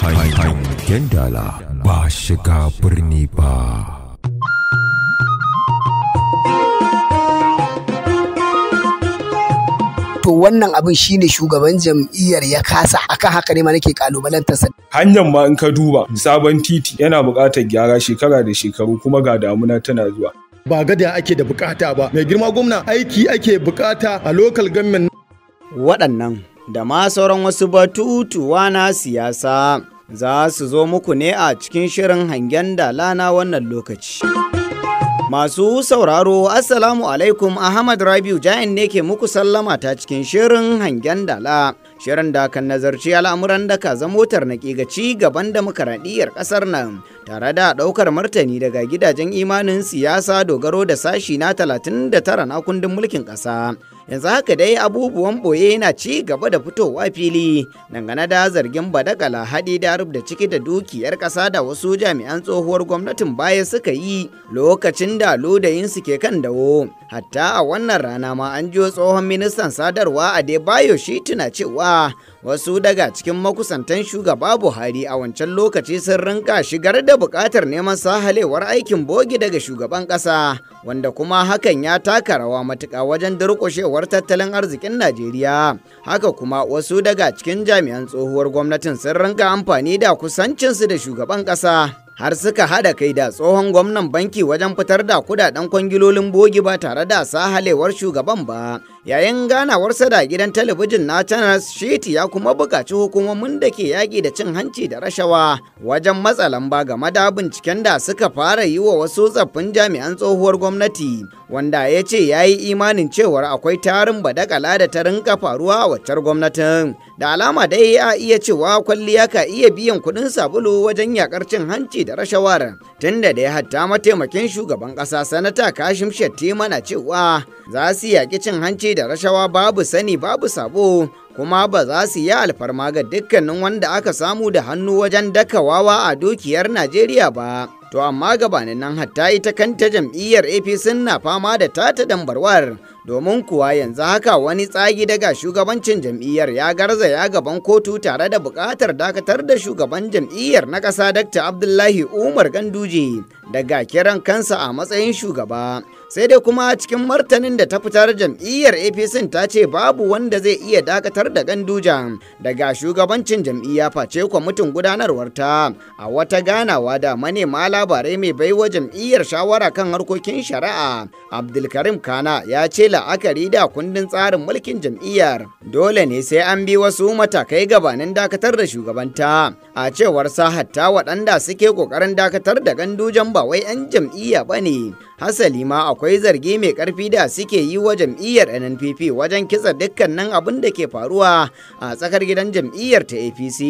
Hanyar dala ba shiga birni ba. to wannan abin shine shugaban jam'iyyar ya kasa akan haka ne ma nake kalubalantar sa hanyar ma in ka duba sabon titi yana buƙatar gyara shekara da shekaru kuma ga damuna tana zuwa ba gada ake da bukata ba mai girma gwamna aiki ake bukata a local government waɗannan da ma sauran wasu batutuwa na siyasa za su zo muku ne a cikin shirin hangen dala na wannan lokaci. Masu sauraro Assalamu alaikum Ahmad Rabiu Jain ne ke muku sallama ta cikin shirin hangen dala. shirin da kan nazarci al'amuran da ka zamo na ga ci gaban demokaradiyyar ƙasar nan tare da ɗaukar martani daga gidajen imanin siyasa dogaro da sashi na 39 na kundin mulkin ƙasa. yanzu haka dai abubuwan boye na ci gaba da fitowa fili dangane da zargin badagala haɗi da da ciki da dukiyar ƙasa da wasu jami'an tsohuwar gwamnatin baya suka yi lokacin da lodayin su ke kan dawo hatta a wannan rana ma an jiyo tsohon ministan sadarwa a bayo shi tuna cewa jama'a wasu daga cikin makusantan shugaba buhari a wancan lokaci sun rinka shigar da buƙatar neman sahalewar aikin bogi daga shugaban ƙasa wanda kuma hakan ya taka rawa matuka wajen durƙushewar tattalin arzikin najeriya haka kuma wasu daga cikin jami'an tsohuwar gwamnatin sun rinka amfani da kusancinsu da shugaban ƙasa har suka haɗa kai da tsohon gwamnan banki wajen fitar da kudaden kwangilolin bogi ba tare da sahalewar shugaban ba yayin ganawarsa da gidan talabijin na channels sheti ya kuma bukaci hukumomin da ke yaƙi da cin hanci da rashawa wajen matsa lamba game da binciken da suka fara yi wa wasu tsaffin jami'an tsohuwar gwamnati wanda ya ce ya yi imanin cewar akwai tarin badakala da ta rinka faruwa a waccar gwamnatin da alama dai a iya cewa kwalliya ka iya biyan kuɗin sabulu wajen yakar cin hanci da rashawar tunda da ya hatta mataimakin shugaban ƙasa sanata kashim shettima na cewa za su yaƙi cin hanci ce da rashawa babu sani babu sabo kuma ba za su yi alfarma ga dukkanin wanda aka samu da hannu wajen dakawawa a dukiyar Najeriya ba. To amma gabanin nan hatta ita kanta jam'iyyar APC na fama da tata dambarwar domin kuwa yanzu haka wani tsagi daga shugabancin jam'iyyar ya garza ya gaban kotu tare da buƙatar dakatar da shugaban jam'iyyar na ƙasa Dr. Abdullahi Umar Ganduje daga kiran kansa a matsayin shugaba. sai dai kuma cikin martanin da ta fitar jam'iyyar apc ta ce babu wanda zai iya dakatar da ganduja daga shugabancin jam'iyya face kwamitin ta a wata ganawa da manema labarai mai baiwa jam'iyyar shawara kan harkokin shari'a abdulkarim kana ya ce la'akari da kundin tsarin mulkin jam'iyyar dole ne sai an bi wasu matakai gabanin dakatar da shugabanta a cewar sa hatta waɗanda suke ƙoƙarin dakatar da gandujan ba wai 'yan jam'iyya bane. hasali ma akwai zargi mai karfi da suke yi wa jam'iyyar nnpp wajen kitsa dukkanin abin da ke faruwa a tsakar gidan jam'iyyar ta apc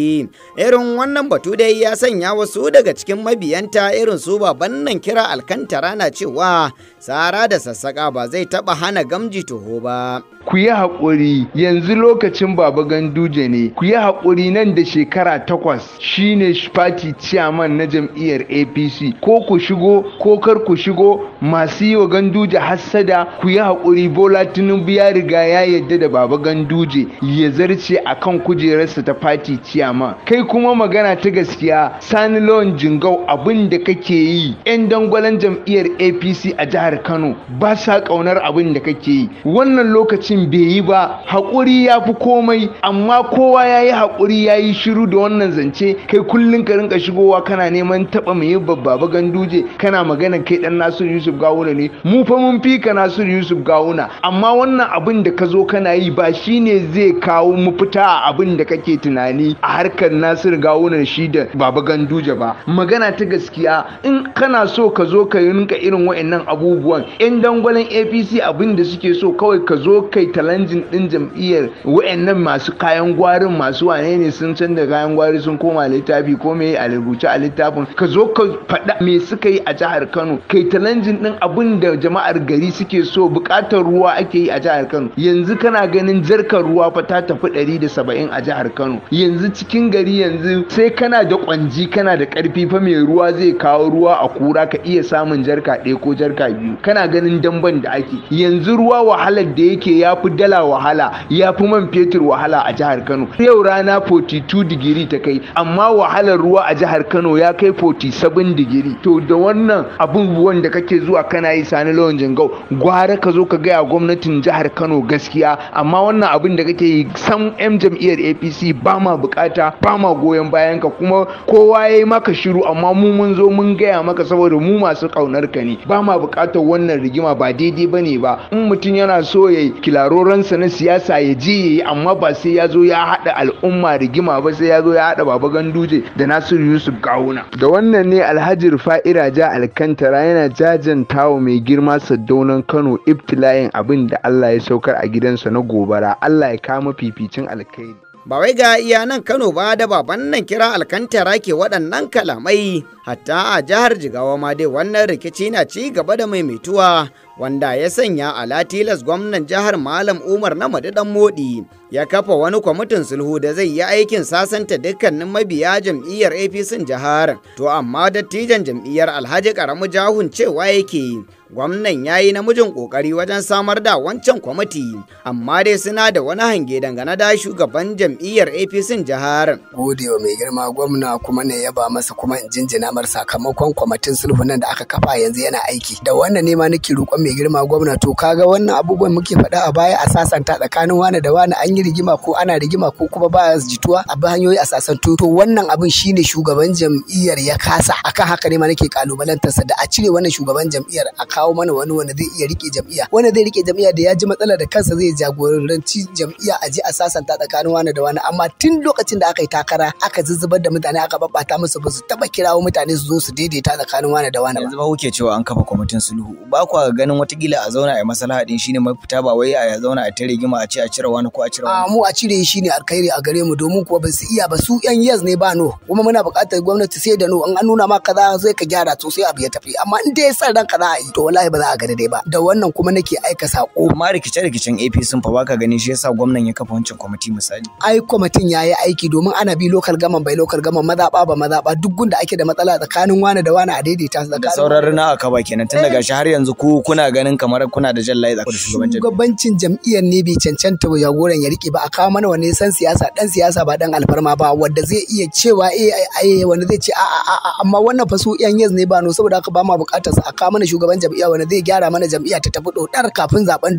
irin wannan batu dai ya sanya wasu daga cikin mabiyanta irin su baban nan kira alkantara na cewa tsara da sassaka ba zai taba hana gamji toho ba ku yi haƙuri yanzu lokacin baba ganduje ne ku yi haƙuri nan da shekara takwas shine fati ciyaman na jam'iyyar apc ko ku shigo ko kar ku shigo masu yi wa ganduje hassada ku yi haƙuri bola tinubu ya riga ya yadda da baba ganduje ya zarce a kan kujerarsa ta fati ciyama kai kuma magana ta gaskiya sani lawan jingau abinda da kake yi yan dangwalen jam'iyyar apc a jihar kano ba sa ƙaunar abin da kake yi wannan lokacin bai yi ba haƙuri ya fi komai amma kowa ya yi haƙuri ya yi shiru da wannan zance kai kullum ka rinka shigowa kana neman taɓa mai yi babba ganduje kana magana kai ɗan nasu yusuf yusuf gawuna ne mu fa mun fika nasir yusuf gawuna amma wannan abin da ka zo kana yi ba shine zai kawo mu fita a abin da kake tunani a harkar nasir gawuna shi da baba ganduje ba magana ta gaskiya in kana so ka zo ka rinka irin wa'annan abubuwan yan dangwalen apc abin da suke so kawai ka zo kai talanjin din jam'iyyar wa'annan masu kayan gwarin masu wane ne sun canza kayan gwari sun koma littafi ko me a rubuce a littafin ka zo ka faɗa me suka yi a jihar kano kai talanjin din abin da jama'ar gari suke so buƙatar ruwa ake yi a jihar Kano yanzu kana ganin jarkar ruwa fa ta tafi 170 a jihar Kano yanzu cikin gari yanzu sai kana da kwanji kana da karfi fa mai ruwa zai kawo ruwa a kura ka iya samun jarka ɗaya ko jarka biyu kana ganin damban da ake yanzu ruwa wahalar da yake ya fi dala wahala ya fi man fetur wahala a jihar Kano yau rana 42 digiri ta kai amma wahalar ruwa a jihar Kano ya kai 47 digiri to da wannan abubuwan da kake zuwa zuwa kana yi sani lawan jingau gwara ka zo ka gaya gwamnatin jihar kano gaskiya amma wannan abin da kake yi sam yan jam'iyyar apc ba ma bukata ba ma goyon bayan ka kuma kowa ya yi maka shiru amma mu mun zo mun gaya maka saboda mu masu kaunar ka ne ba ma bukatar wannan rigima ba daidai ba ne ba in mutum yana so ya kilaroransa na siyasa ya je ya yi amma ba sai ya zo ya haɗa al'umma rigima ba sai ya zo ya haɗa baba ganduje da nasiru yusuf gawuna da wannan ne alhaji rufa'i raja alkantara yana jajan karanta wa mai girma Saddaunan Kano ibtilayin abin da Allah ya saukar a gidansa na gobara, Allah ya kama fificin alkhairi. ba wai ga iya nan Kano ba da baban nan kira alkantara ke waɗannan kalamai hatta a jihar Jigawa ma dai wannan rikici na ci gaba da maimaituwa wanda ya sanya ala tilas gwamnan jihar Malam Umar na madadan modi ya kafa wani kwamitin sulhu da zai yi aikin sasanta dukkanin mabiya jam'iyyar APC jihar to amma dattijan jam'iyyar Alhaji Karamu Jahun cewa yake gwamnan ya yi namijin kokari wajen samar da wancan kwamiti amma dai suna da wani hange dangane da shugaban jam'iyyar apc jihar. gode mai girma gwamna kuma ne ya ba masa kuma in jinjina mar sakamakon kwamitin sulhu nan da aka kafa yanzu yana aiki da wannan ne ma nake roƙon mai girma gwamna to kaga wannan abubuwan muke faɗa a baya a sasanta tsakanin wani da wani an yi rigima ko ana rigima ko kuma ba jituwa a bi hanyoyi a sasantu to wannan abin shine shugaban jam'iyyar ya kasa akan haka ne ma nake kalubalantarsa da a cire wannan shugaban jam'iyyar a kawo mana wani wanda zai iya rike jam'iyya wanda zai rike jam'iyya da ya ji matsala da kansa zai jagoranci jam'iyya a je a sasanta tsakanin wani da wani amma tun lokacin da aka yi takara aka zuzzubar da mutane aka babbata musu ba su taba kirawo mutane su zo su daidaita tsakanin wani da wani yanzu ba kuke cewa an kafa kwamitin sulhu ba kwa ganin gila a zauna a maslaha din shine mafita ba wai a zauna a tare gima a ce a cire wani ko a cire wani a mu a cire shi ne alkhairi a gare mu domin kuwa ba su iya ba su yan yes ne ba no kuma muna buƙatar gwamnati sai da no an nuna ma kaza sai ka gyara to sai abu ya tafi amma in dai san ranka za a yi to wallahi ba za a ga dai ba da wannan kuma nake aika sako amma rikice rikicen AP sun fa baka gani shi yasa gwamnan ya kafa wancan kwamiti misali ai kwamitin yayi aiki domin ana bi local gaman bai local gaman mazaba ba mazaba duk gunda ake da matsala tsakanin wani da wani a daidaita su tsakanin sauran rina aka ba kenan tun daga eh. shi har yanzu ku kuna ganin kamar kuna da jallaye da shugabancin shugabancin jam'iyyar ne bai cancanta jagoran ya rike ba a kawo mana wani san siyasa dan siyasa ba dan alfarma ba wanda zai iya cewa eh ai wanda zai ce a a amma wannan fa su yan yes ne ba no saboda haka ba ma bukatar su a kawo mana shugaban jam'iyyar jam'iyya wanda zai gyara mana jam'iyya ta tafi dodar kafin zaben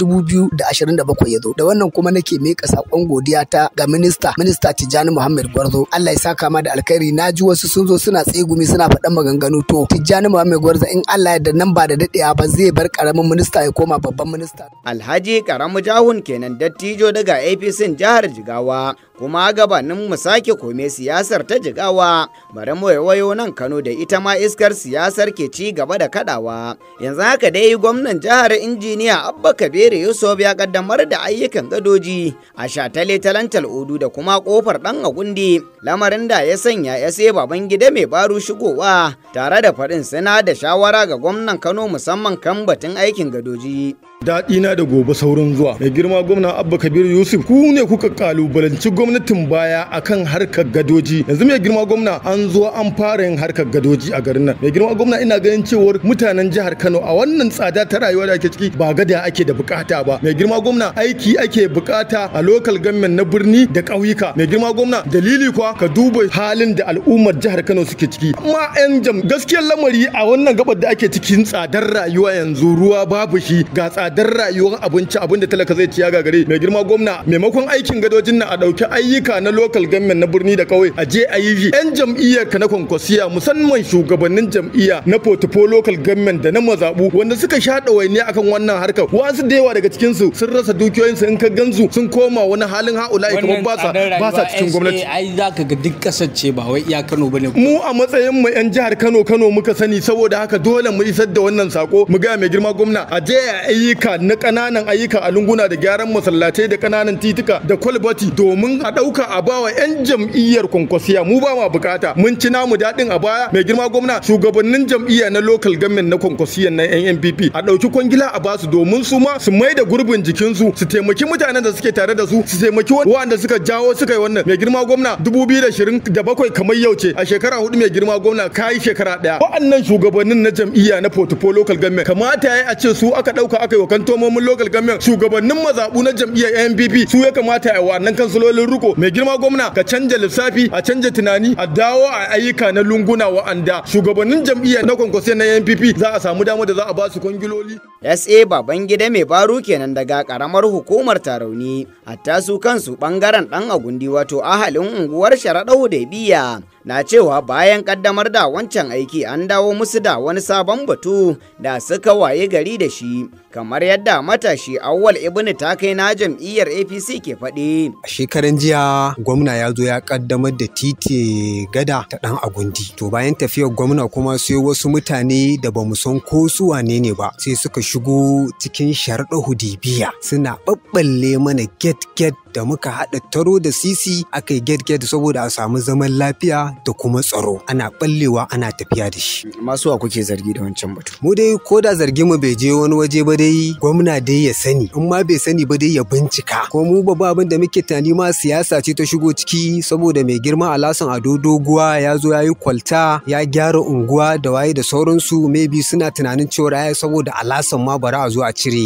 bakwai ya zo da wannan kuma nake mika sakon godiya ta ga minista minista Tijjani Muhammad Gwarzo Allah ya saka ma da alkhairi Na ji wasu sun zo suna tsegumi suna faɗan maganganu to Tijjani Muhammad Gwarzo in Allah ya da nan ba da daɗewa ba zai bar karamin minista ya koma babban minista Alhaji Karamu Jahun kenan dattijo daga APC jihar Jigawa kuma gabanin mu sake kome siyasar ta jigawa bari mu wayo nan Kano da ita ma iskar siyasar ke ci gaba da kadawa yanzu haka dai gwamnan jihar injiniya Abba Kabiru Yusuf ya kaddamar da ayyukan gadoji a shatale talantal odu da kuma kofar dan agundi lamarin da ya sanya ya sai baban gida mai baro shigowa tare da faɗin suna da shawara ga gwamnan Kano musamman kan batun aikin gadoji Daɗi na da gobe saurin zuwa mai girma gwamna abba kabir yusuf ku ne kuka kalubalanci gwamnatin baya akan harkar gadoji yanzu mai girma gwamna an zo an fara yin harkar gadoji a garin nan mai girma gwamna ina ganin cewar mutanen jihar kano a wannan tsada ta rayuwa da ake ciki ba gada ake da bukata ba mai girma gwamna aiki ake bukata a lokal government na birni da ƙauyuka mai girma gwamna dalili kuwa ka duba halin da al'ummar jihar kano suke ciki amma yan jam gaskiyar lamari a wannan gabar da ake cikin tsadar rayuwa yanzu ruwa babu shi ga tsada tsadar rayuwar abinci abinda talaka zai ciya gagare mai girma gwamna maimakon aikin gadojin na a ɗauki ayyuka na local government na birni da kauye a je ayi yi yan jam'iyyar ka na kwankwasiya musamman shugabannin jam'iyya na potopo local government da na mazabu wanda suka sha ɗawainiya akan wannan harkar wasu da yawa daga cikin su sun rasa dukiyoyin su in ka gansu sun koma wani halin ha'ula'i kuma ba sa ba sa cikin gwamnati ai za ka ga duk kasance ba wai iya Kano bane mu a matsayin mu yan jihar Kano Kano muka sani saboda haka dole mu isar da wannan sako mu ga mai girma gwamna a je ayi ayyuka na ƙananan ayyuka a lunguna da gyaran masallatai da ƙananan tituka da kwalbati domin a ɗauka a bawa 'yan jam'iyyar kwankwasiya mu ba ma bukata mun ci namu daɗin a baya mai girma gwamna shugabannin jam'iyya na local government na kwankwasiyan na NNPP a ɗauki kwangila a basu domin su ma su mai da gurbin jikinsu su taimaki mutanen da suke tare da su su taimaki waɗanda suka jawo suka yi wannan mai girma gwamna 2027 kamar yau ce a shekara hudu mai girma gwamna kayi shekara ɗaya wa'annan shugabannin na jam'iyya na portfolio local government kamata ya a ce su aka ɗauka aka yi wa kan tomomin local government shugabannin mazabu na jam'iyyar NPP su ya kamata a wannan kansulolin ruko mai girma gwamna ka canja lissafi a canja tunani a dawo a ayyuka na lunguna wa'anda shugabannin jam'iyyar na kwankwasai na NPP za a samu damar da za a ba su kwangiloli. SA baban gida mai baro kenan daga karamar hukumar tarauni hatta su kansu bangaren dan agundi wato ahalin unguwar sharaɗau da biya na cewa bayan kaddamar da wancan aiki an dawo musu da wani sabon batu da suka waye gari da shi kamar yadda matashi awwal ibnu ta kai na jam'iyyar apc ke faɗi. a shekaran jiya gwamna ya zo ya kaddamar da titi gada ta dan agundi to bayan tafiyar gwamna kuma sai wasu mutane da ba mu san ko su wane ne ba sai suka shigo cikin sharɗa hudibiya suna ɓaɓɓalle mana get get da muka haɗa taro da sisi aka yi get saboda a samu zaman lafiya da kuma tsaro ana ɓallewa ana tafiya da shi. Masu wa kuke zargi da wancan batu. Mu dai ko da zargi mu bai je wani waje ba dai gwamna dai ya sani in ma bai sani ba dai ya bincika ko mu ba abin da muke tunani ma siyasa ce ta shigo ciki saboda mai girma alasan ado doguwa ya zo yayi kwalta ya gyara unguwa da waye da sauransu maybe suna tunanin cewa ai saboda alasan ma bari a zo a cire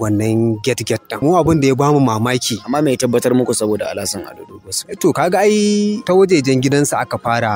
wannan get-get ɗin. Mu abin da ya bamu mamaki. Amma mai tabbatar muku saboda alasan ado dogo eh to kaga ai ta wajejen gidansa aka fara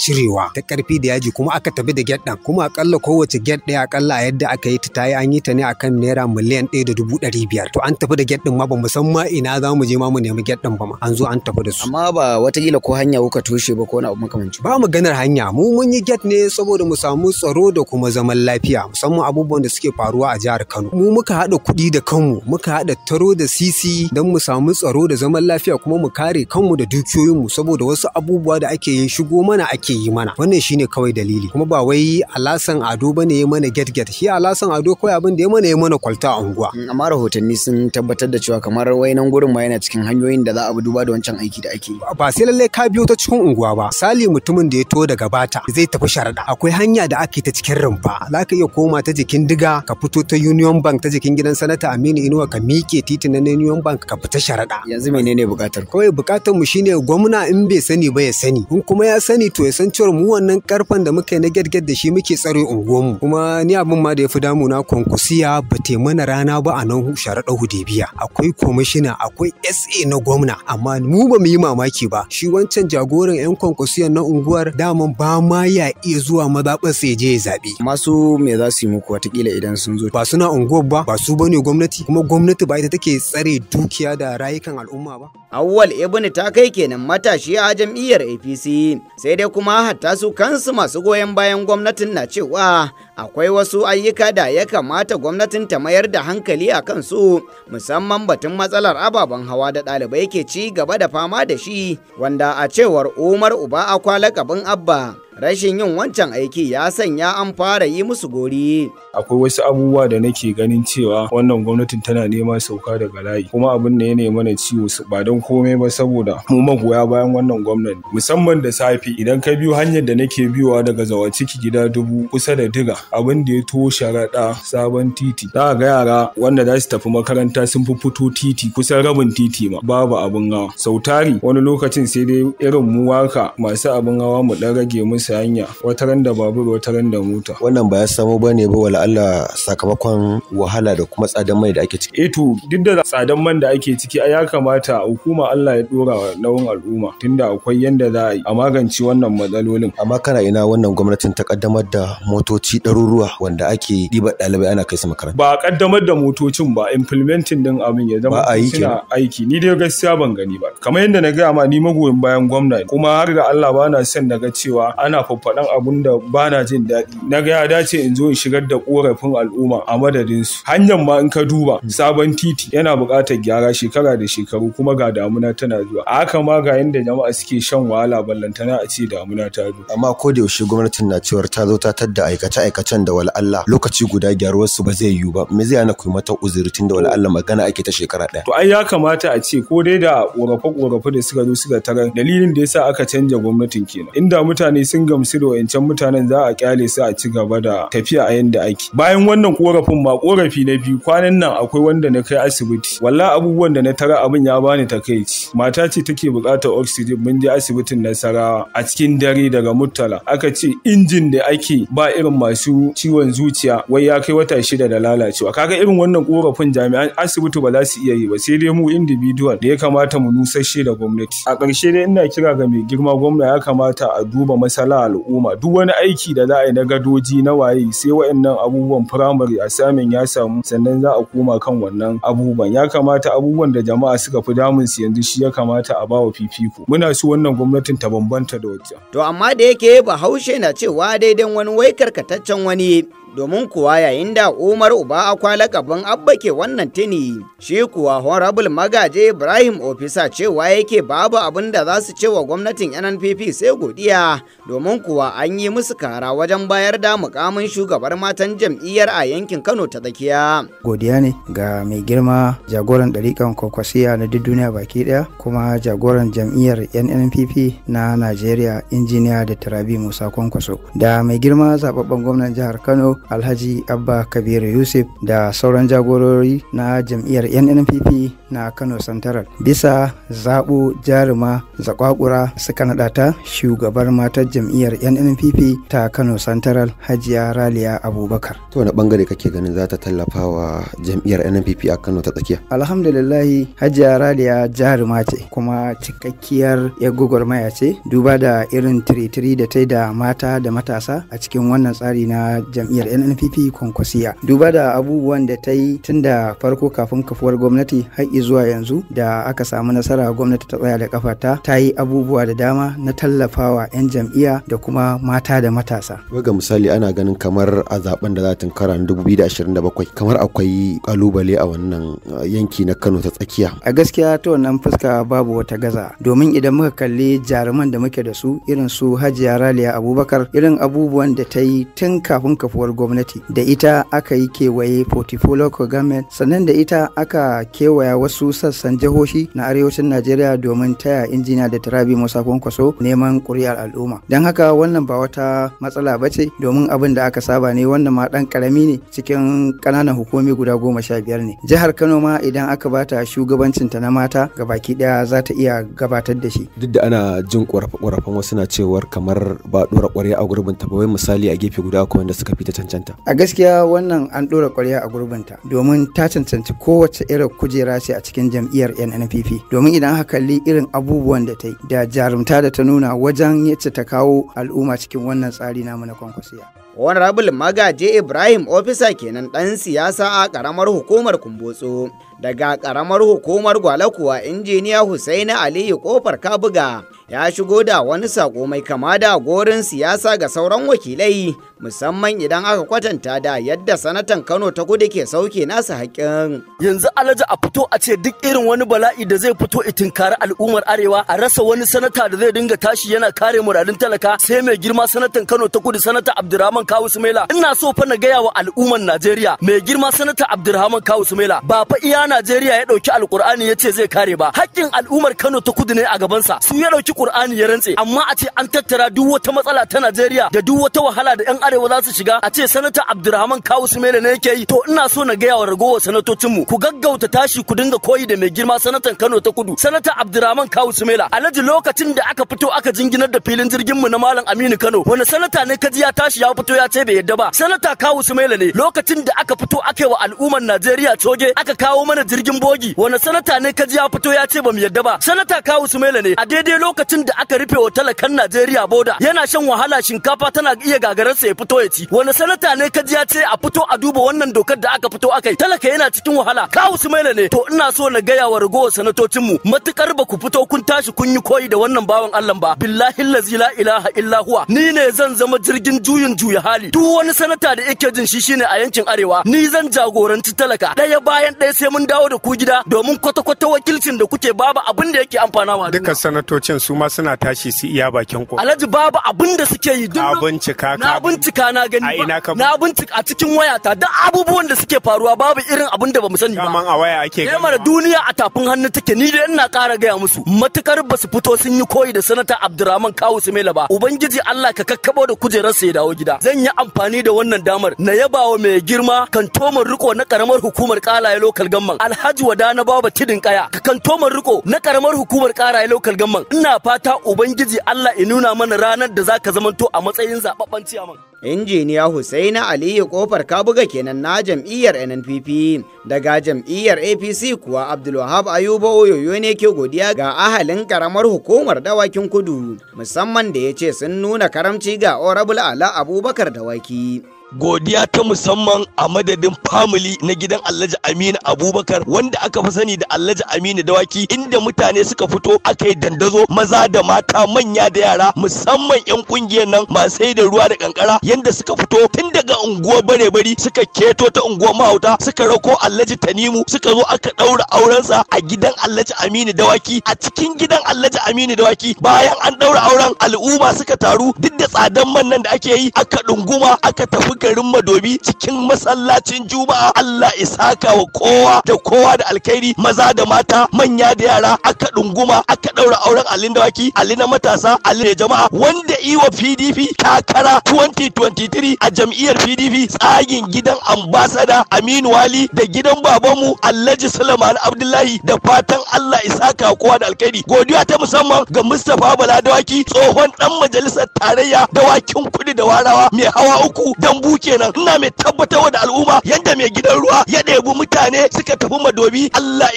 cirewa ta karfi da yaji kuma aka tafi da get din kuma akalla kowace get ɗaya akalla a yadda aka yi ta tayi an yi ta ne akan naira miliyan ɗaya da dubu ɗari biyar to an tafi da get din ma ba musamman san ma ina za mu je ma mu nemi get din ba ma an zo an tafi da su amma ba watakila ko hanya kuka toshe ba ko na abu makamanci ba mu ganar hanya mu mun yi get ne saboda mu samu tsaro da kuma zaman lafiya musamman abubuwan da suke faruwa a jihar Kano mu muka haɗa kuɗi da kanmu muka haɗa taro da sisi don mu samu tsaro tsaro da zaman lafiya kuma mu kare kanmu da dukiyoyinmu saboda wasu abubuwa da ake yi shigo mana ake yi mana wannan shine kawai dalili kuma ba wai alasan ado bane ya mana get get shi alasan ado kawai abin da ya mana ya mana kwalta a unguwa mm, amma rahotanni sun tabbatar da cewa kamar wayanan gurin ma yana cikin hanyoyin da za a bi duba da wancan aiki da ake ba sai lallai ka biyo ta cikin unguwa ba sali mutumin da ya to daga bata zai tafi sharada akwai hanya da ake ta cikin rumfa za ka iya koma ta jikin diga ka fito ta union bank ta jikin gidan sanata aminu inuwa ka miƙe titi na union bank ka fita sharada yanzu menene bukatar kawai bukatar mu shine gwamna in bai sani ba ya sani in kuma ya sani to ya san cewa mu wannan karfan da muke na gedged da shi muke tsare mu. kuma ni abin ma da ya fi na kwankwasiya ba te mana rana ba a nan sharaɗa hudebiya akwai komishina akwai sa na gwamna amma mu ba mu yi mamaki ba shi wancan jagoran yan konkusiyan na unguwar daman ba ma ya iya zuwa mazaɓar sai je ya masu me za su yi muku watakila idan sun zo ba suna unguwar ba ba su bane gwamnati kuma gwamnati ba ita take tsare dukiya da rayuka wakiltan al'umma ba. Awwal ta kai kenan matashi a jam'iyyar APC sai dai kuma hatta su kansu masu goyon bayan gwamnatin na cewa akwai wasu ayyuka da ya kamata gwamnatin ta mayar da hankali a kansu musamman batun matsalar ababen hawa da ɗalibai ke ci gaba da fama da shi wanda a cewar Umar Uba Akwa lakabin Abba rashin yin wancan aiki ya sanya an fara yi musu gori. Akwai wasu abubuwa da nake ganin cewa wannan gwamnatin tana nema sauka daga layi kuma abin da ya nema na ciwo ba don komai ba saboda mu magoya bayan wannan gwamnati musamman da safe idan ka biyo hanyar da nake biyowa daga zawa ciki gida dubu kusa da diga abin da ya toshe raɗa sabon titi za ga yara wanda za su tafi makaranta sun fi fito titi kusan rabin titi ma babu abin hawa sautari wani lokacin sai dai irin mu waka masu abin hawa mu dan rage musu bisa hanya wata ran da babur wata ran da mota wannan ba ya samo bane ba wala Allah sakamakon wahala da kuma tsadan mai da ake ciki eh to duk da tsadan man da ake ciki ya kamata hukuma Allah ya dora wa nauyin al'umma tunda akwai yanda za a yi a magance wannan matsalolin amma kana ina wannan gwamnatin ta kaddamar da motoci ɗaruruwa wanda ake ɗiba ɗalibai ana kai su makaranta ba kaddamar da motocin ba implementing din abin ya zama suna aiki ni dai gaskiya ban gani ba kamar yadda na gaya ma ni magoyin bayan gwamnati. kuma har da Allah ba na son na ga cewa ana yana faffaɗan abun da ba na jin daɗi na ga ya dace in zo in shigar da korafin al'umma a madadin su hanyar ma in ka duba hmm. sabon titi yana buƙatar gyara shekara da shekaru kuma ga damuna tana zuwa a haka ma ga yanda jama'a suke shan wahala ballantana a ce damuna ta zo amma ko da yaushe gwamnatin na cewar ta zo ta tadda aikace aikacen da wala Allah lokaci guda gyaruwar su ba zai yiwu ba me zai hana ku mata uzuri tun da wala Allah magana ake ta shekara ɗaya to ai ya kamata a ce ko dai da korafe korafe da suka zo suka tarar dalilin da yasa aka canja gwamnatin kenan inda mutane sun gamsu da wancan mutanen za a kyale su a ci gaba da tafiya a yanda ake bayan wannan korafin ma korafi na biyu kwanan nan akwai wanda na kai asibiti walla abubuwan da na tara abin ya bani takaici mata ce take buƙatar oxygen mun je asibitin nasarawa a cikin dare daga muttala aka ce injin da ake ba irin masu ciwon zuciya wai ya kai wata shida da lalacewa kaga irin wannan korafin jami'an asibiti ba za su iya yi ba sai dai mu individual da ya kamata mu nusashe da gwamnati a ƙarshe dai ina kira ga mai girma gwamna ya kamata a duba masala na al'umma duk wani aiki da za a yi na gadoji na waye sai wa'annan abubuwan firamare a samin ya samu sannan za a koma kan wannan abubuwan ya kamata abubuwan da jama'a suka fi damun su yanzu shi ya kamata a bawa fifiko muna so wannan gwamnatin ta bambanta da wacce to amma da yake bahaushe na cewa daidan wani wai karkataccen wani domin kuwa yayin da Umar Uba akwa lakabin abba ke wannan tuni shi kuwa Honorable Magaje Ibrahim Ofisa cewa yake babu abin da za su ce wa gwamnatin NNPP sai godiya domin kuwa an yi musu kara wajen bayar da mukamin shugabar matan jam'iyyar a yankin Kano ta tsakiya. Godiya ne ga mai girma jagoran ɗarikan kwakwasiya na duk duniya baki ɗaya kuma jagoran jam'iyyar NNPP na Najeriya injiniya da Tarabi Musa Kwankwaso da mai girma zababben gwamnan jihar Kano alhaji abba kabiru yusuf da sauran jagorori na jam'iyyar nnpp na kano santaral bisa zaɓo jaruma zakwakura suka naɗa ta shugabar matar jam'iyyar nnpp ta kano santaral hajiya raliya abubakar to wani bangare kake ganin za ta tallafa wa jam'iyyar nnpp a kano ta tsakiya Alhamdulillah, hajiya raliya jaruma ce kuma cikakkiyar ya maya ce duba da irin tiritiri da ta da mata da matasa a cikin wannan tsari na jam'iyyar NNPP Kwankwasiya duba da abubuwan da ta yi tun da farko kafin kafuwar gwamnati har zuwa yanzu da aka samu nasara gwamnati ta tsaya da kafata ta ta yi abubuwa da dama na tallafawa 'yan jam'iyya da kuma mata da matasa. Ga misali ana ganin kamar a zaben da za ta 2027 kamar akwai kalubale a wannan yanki na Kano ta tsakiya. A gaskiya ta wannan fuska babu wata gaza domin idan muka kalli jaruman da muke da su irin su Hajiya Raliya Abubakar irin abubuwan da ta yi tun kafin kafuwar gwamnati da ita aka yi kewaye portfolio government sannan da ita aka kewaya wasu sassan jihohi na arewacin najeriya domin taya injiniya da tarabi musa kwankwaso neman kuri'ar al'umma don haka wannan ba wata matsala ba ce domin abin da aka saba ne wannan ma dan karami ne cikin kananan hukumi guda goma sha biyar ne jihar kano ma idan aka bata shugabancin ta na mata gabaki daya za ta iya gabatar da shi duk da ana jin ƙorafe-ƙorafen wasu na cewar kamar ba ɗora ƙwarya a gurbin ta ba wai misali a gefe guda akwai wanda suka fita cancanta a gaskiya wannan an ɗora ƙwarya a gurbinta domin ta cancanci kowace irin kujera ce a cikin jam'iyyar nnpp domin idan aka kalli irin abubuwan da ta yi da jarumta da ta nuna wajen yace ta kawo al'umma cikin wannan tsari namu na kwankwasiya honorable magaje ibrahim ofisa kenan ɗan siyasa a ƙaramar hukumar kumbotso daga karamar hukumar gwale kuwa injiniya Husaini Aliyu kofar Kabuga ya shigo da wani sako mai kama da gorin siyasa ga sauran wakilai musamman idan aka kwatanta da yadda sanatan Kano ta gudu ke sauke nasa haƙƙin. Yanzu alhaji a fito a ce duk irin wani bala'i da zai fito itinkari al'ummar arewa a rasa wani sanata da zai dinga tashi yana kare muradin talaka sai mai girma sanatan Kano ta kudu sanata Abdurrahman Kawu Sumaila ina so fa na gaya wa al'ummar Najeriya mai girma sanata Abdurrahman Kawu Sumaila ba fa iya Najeriya ya ɗauki Alƙur'ani ya ce zai kare ba haƙƙin al'ummar Kano ta kudu ne a gabansa su ya ɗauki ƙur'ani ya rantse amma a ce an tattara duk wata matsala ta Najeriya da duk wata wahala da 'yan arewa za su shiga a ce sanata Abdulrahman Kawu Sumele ne yake yi to ina so na gaya wa ragowar sanatocinmu ku gaggauta tashi ku dinga koyi da mai girma sanatan Kano ta kudu sanata Abdulrahman Kawu Sumela alhaji lokacin da aka fito aka jinginar da filin jirginmu mu na Malam Aminu Kano wani sanata ne ka ji ya tashi ya fito ya ce bai yadda ba sanata Kawu Sumela ne lokacin da aka fito aka yi wa al'ummar Najeriya coge aka kawo mana mana jirgin bogi wani sanata ne ka ji ya fito ya ce ba mu yadda ba sanata kawu sumaila ne a daidai lokacin da aka rufe wa talakan najeriya boda yana shan wahala shinkafa tana iya gagararsa ya fito ya ci wani sanata ne ka ji ya ce a fito a duba wannan dokar da aka fito akai talaka yana cikin wahala kawu sumaila ne to ina so na gaya wa ragowar sanatocinmu matukar ba ku fito kun tashi kun yi koyi da wannan bawan allah ba billahi lazi la ilaha illa huwa ni ne zan zama jirgin juyin juya hali duk wani sanata da yake jin shi shine a yankin arewa ni zan jagoranci talaka ɗaya bayan ɗaya sai mun dawo da ku gida domin kwata-kwata wakilcin da kuke babu abin da yake amfanawa duka sanatocin su ma suna tashi su iya bakin ku alhaji babu abin da suke yi duk na bincika na bincika na gani na bincika a cikin wayata duk abubuwan da suke faruwa babu irin abin da bamu sani ba kaman a waya ake eh, gama da duniya a tafin hannu take ni da ina ƙara gaya musu matukar ba su fito sun yi koyi da sanata abdurrahman kawu sumela ba ubangiji allah ka kakkabo da kujerar sa ya dawo gida zan yi amfani da wannan damar na yabawa mai girma kan tomar riko na karamar hukumar ya lokal gamma. gamman alhaji wada na baba tidin kaya kakantoman riko na karamar hukumar karaye lokal gamman ina fata ubangiji allah ya nuna mana ranar da za ka zamanto a matsayin zababben ciyaman injiniya Husaina Aliyu kofar buga kenan na jam'iyyar NNPP daga jam'iyyar APC kuwa Abdulwahab Ayuba Oyoyo ne ke godiya ga ahalin karamar hukumar dawakin kudu musamman da ya ce sun nuna karamci ga Orabul Ala Abubakar Dawaki. godiya ta musamman a madadin famili na gidan Alhaji Aminu Abubakar wanda aka fi sani da Alhaji Aminu Dawaki inda mutane suka fito aka yi dandazo maza da mata manya da yara musamman yan kungiyar nan masu sai da ruwa da kankara yanda suka fito tun daga unguwar bare bari suka keto ta unguwar mahauta suka rako Alhaji Tanimu suka zo aka daura aurensa a gidan Alhaji Aminu Dawaki a cikin gidan Alhaji Aminu Dawaki bayan an daura auren al'umma suka taru duk da tsadan man nan da ake yi aka dunguma aka tafi garin madobi cikin masallacin juma'a Allah isaka wa kowa da kowa da alkhairi maza da mata manya da yara aka dunguma aka ɗaura auren alin dawaki alin matasa alin jama'a wanda iwa PDP takara 2023 a jam'iyyar PDP tsagin gidan ambasada Aminu Wali da gidan babanmu Alhaji Sulaiman Abdullahi da fatan Allah isaka kowa da alkhairi godiya ta musamman ga Mustapha Bala dawaki tsohon dan majalisar tarayya dawakin kudi da warawa mai hawa uku dan abu kenan ina mai tabbatar da al'umma yanda mai gidan ruwa ya ɗebi mutane suka tafi madobi Allah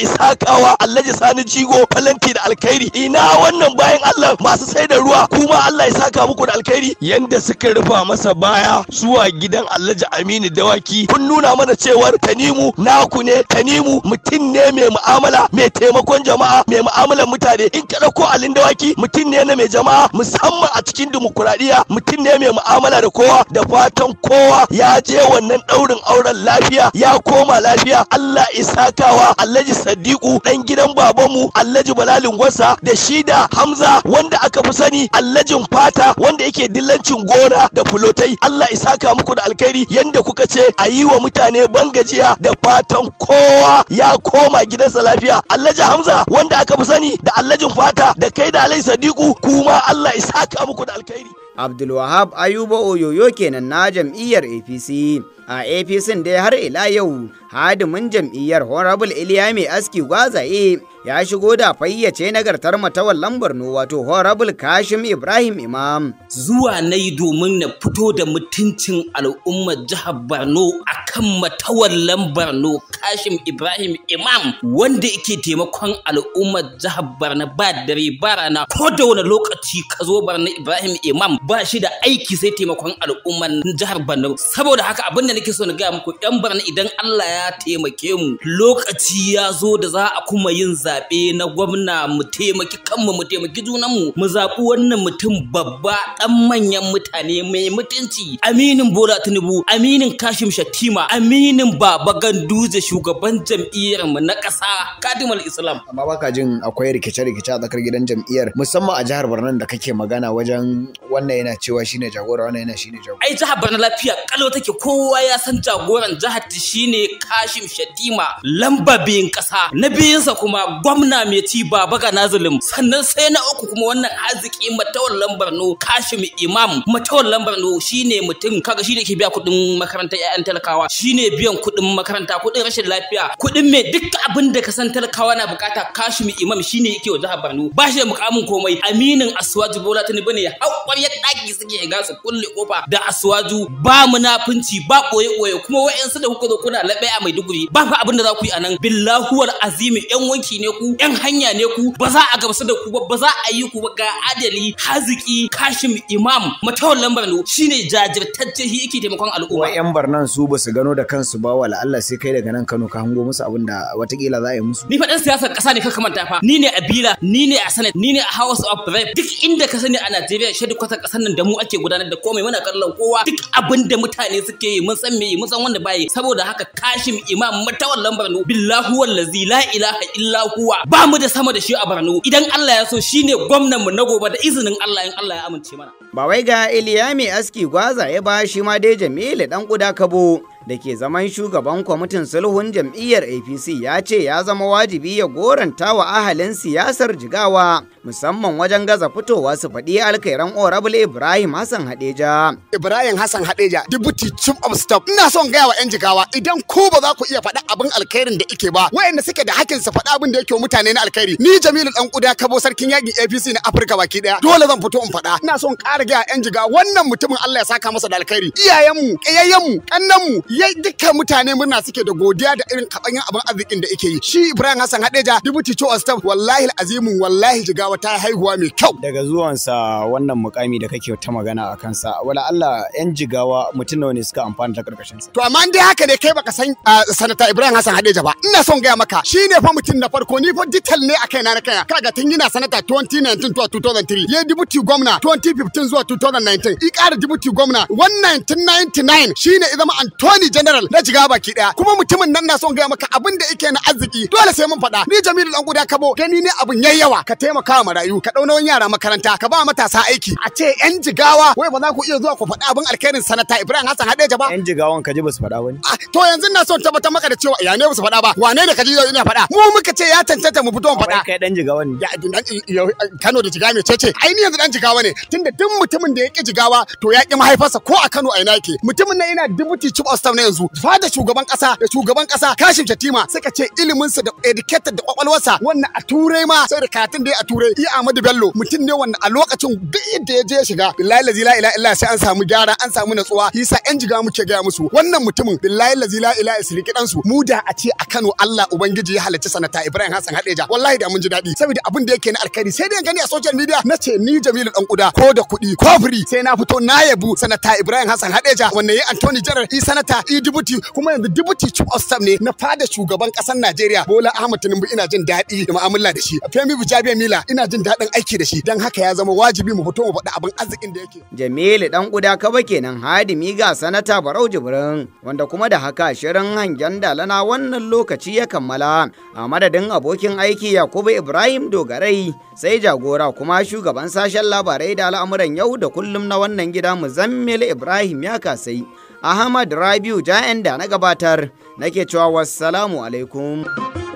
Allah ya Sani Jigo falanti da alkhairi ina wannan bayan Allah masu sai da ruwa kuma Allah ya saka muku da alkhairi yanda suka rufa masa baya zuwa gidan Alhaji Aminu Dawaki kun nuna mana cewar Tanimu naku ne Tanimu mutum ne mai mu'amala mai taimakon jama'a mai mu'amalar mutane in ka dauko Alin Dawaki mutum ne na mai jama'a musamman a cikin dimokuraɗiyya mutum ne mai mu'amala da kowa da fatan kowa kowa ya je wannan ɗaurin auren lafiya ya koma lafiya Allah isakawa Alhaji Sadiku ɗan gidan babanmu Alhaji Balalin Gwasa da shida Hamza wanda aka fi sani Alhajin Fata wanda yake dillancin gona da fulotai Allah isaka muku da alkhairi yanda kuka ce a yi wa mutane bangajiya da fatan kowa ya koma gidansa lafiya Alhaji Hamza wanda aka fi sani da Alhajin Fata da kai da Alhaji Sadiku kuma Allah isaka muku da alkhairi abdulwahab ayuba oyoyo kenan na jam'iyyar apc a apc dai har ila yau hadimin jam'iyyar Honorable Iliya mai aski gwazaye ya shigo da fayyace nagartar lambar no wato Honorable Kashim Ibrahim Imam. Zuwa na yi domin na fito da mutuncin al'ummar jihar Borno akan lambar no Kashim Ibrahim Imam wanda yake taimakon al'ummar jihar Borno ba dare ba rana ko da wani lokaci ka zo Borno Ibrahim Imam ba shi da aiki sai taimakon al'ummar jihar Borno saboda haka abin da nake so na gaya muku yan Borno idan Allah ya ya taimake mu lokaci ya zo da za a kuma yin zaɓe na gwamna mu taimaki kanmu mu taimaki junanmu mu zaɓi wannan mutum babba ɗan manyan mutane mai mutunci aminin bola tinubu aminin kashim shatima aminin baba ganduje shugaban jam'iyyar mu na ƙasa kadimul islam amma baka jin akwai rikice-rikice a tsakar gidan jam'iyyar musamman a jihar Borno da kake magana wajen wannan yana cewa shine jagora wannan yana shine jagora ai jihar Borno lafiya kalo take kowa ya san jagoran jihar ta shine Kashim Shatima lamba biyun ƙasa na biyunsa kuma gwamna mai ci Baba Ganazulum sannan sai na uku kuma wannan arziki matawar lambar no Kashim Imam matawar lambar no shine mutum kaga shine ke biya kuɗin makaranta ƴaƴan talakawa shine biyan kuɗin makaranta kuɗin rashin lafiya kuɗin mai duk abin da ka san talakawa na bukata Kashim Imam shine yake wa jihar Borno ba shi da mukamin komai aminin Aswaju Bola bane ne hau ya daki suke ga su kulle kofa da Aswaju ba munafunci ba koye kuma wa'yansu da kuka zo kuna laɓe a Mai Maiduguri ba fa abin da za ku yi anan billahuwar azimi yan wanki ne ku yan hanya ne ku ba za a gamsu da ku ba ba za a yi ku ba ga adali haziki kashim imam matawallan barno shine jajirtacce shi yake taimakon al'umma yan barnan su ba su gano da kansu ba wala Allah sai kai daga nan Kano ka hango musu abin da watakila za a yi musu ni fa dan siyasar kasa ne ka manta fa ni ne a bila ni ne a senate ni ne a house of rep duk inda ka sani a Najeriya shedu kwata kasan nan da mu ake gudanar da komai muna kallon kowa duk abin da mutane suke yi mun san me mun san wanda bai saboda haka kashi Hashim Imam matawallan Barno billahu wallazi la ilaha illa huwa ba mu da sama da shi a barnu idan Allah ya so shine gwamnan mu na gobe da izinin Allah in Allah ya amince mana ba wai ga Iliyami Aski Gwaza ya ba shi ma dai Jamilu dan kuda kabo da ke zaman shugaban kwamitin sulhun jam'iyyar apc ya ce ya zama wajibi ya goranta wa ahalin siyasar jigawa musamman wajen gaza fitowa su faɗi alkairan orabul ibrahim hassan hadeja ibrahim hassan hadeja deputy chief of staff ina son gaya wa 'yan jigawa idan ku ba za ku iya faɗa abin alkairin da ike ba wayanda suke da hakkin su faɗa abin da yake mutane na alkairi ni jamilu dan kuda kabo sarkin yakin apc na afirka baki ɗaya, dole zan fito in faɗa ina son ƙara gaya 'yan jigawa wannan mutumin allah ya saka masa da alkairi iyayenmu ƙayayyenmu ƙannenmu yayi dukkan mutane murna suke da godiya da irin kabanyan abin arzikin da yake yi shi Ibrahim Hassan Hadeja dubuti cho staff wallahi azimin wallahi jigawa ta haihuwa mai kyau daga zuwansa wannan mukami da kake ta magana a kansa wala Allah yan jigawa mutum nawa ne suka amfana da karkashin sa to amma dai haka ne kai baka san ah, sanata Ibrahim Hassan Hadeja ba ina son gaya maka shine fa mutum na farko ni fa detail ne a kaina na ka kaga tun yana sanata 2019 to 2003 yayi dubuti gwamna 2015 zuwa 2019 i kara dubuti gwamna 1999 shine ya zama Anthony general na jiga baki daya kuma mutumin nan na son gaya maka abin da yake na arziki dole sai mun faɗa ni Jamilu dan guda kabo gani ne abin yayi yawa ka taimaka ma marayu ka dauna wani yara makaranta ka ba matasa aiki a ce yan jigawa wai ba za ku iya zuwa ku faɗa abin alkhairin sanata Ibrahim Hassan Hadeja ba yan jigawan ka ji ba su faɗa ba ah, to yanzu na son tabbatar maka da cewa ya ne ba su faɗa ba wane ne ka ji ina faɗa mu muka ce ya cancanta mu fito mu faɗa kai dan jigawa ne Kano da jigawa ne ce ai ni yanzu dan jigawa ne tunda duk mutumin da ya jigawa to ya ki mahaifarsa ko a Kano a ina yake mutumin nan yana dubuti chief of system na yanzu fa da shugaban kasa da shugaban kasa Kashim Shatima ka ce ilimin sa da educated da kwakwalwarsa wannan a turai ma sai da katin da ya a turai iya Ahmadu Bello mutum ne wannan a lokacin duk yadda ya je ya shiga billahi la ilaha illa sai an samu gyara an samu natsuwa yasa yan jiga muke gaya musu wannan mutumin billahi la ilaha illa siriki dan su mu da a ce a Kano Allah ubangiji ya halarci sanata Ibrahim Hassan Hadeja wallahi da mun ji dadi saboda abin da yake na alkhairi sai dai gani a social media na ce ni Jamilu dan kuda ko da kuɗi ko free sai na fito na yabu sanata Ibrahim Hassan Hadeja wannan yayi Anthony General i sanata i kuma yanzu dubuti chief staff ne na fada shugaban kasar Najeriya Bola Ahmed Tinubu ina jin daɗi da mu'amala da shi Femi Bijabiya Mila ina jin daɗin aiki da shi dan haka ya zama wajibi mu fito mu faɗi abin arzikin da yake Jamilu dan guda kaba kenan Hadimi ga sanata Barau Jibrin wanda kuma da haka shirin hangen dalana wannan lokaci ya kammala a madadin abokin aiki Yakubu Ibrahim Dogarai sai jagora kuma shugaban sashen labarai da al'amuran yau da kullum na wannan gida Muzammil Ibrahim ya kasai Ahmad Rabiu Ja'en da na gabatar nake cewa wassalamu alaikum.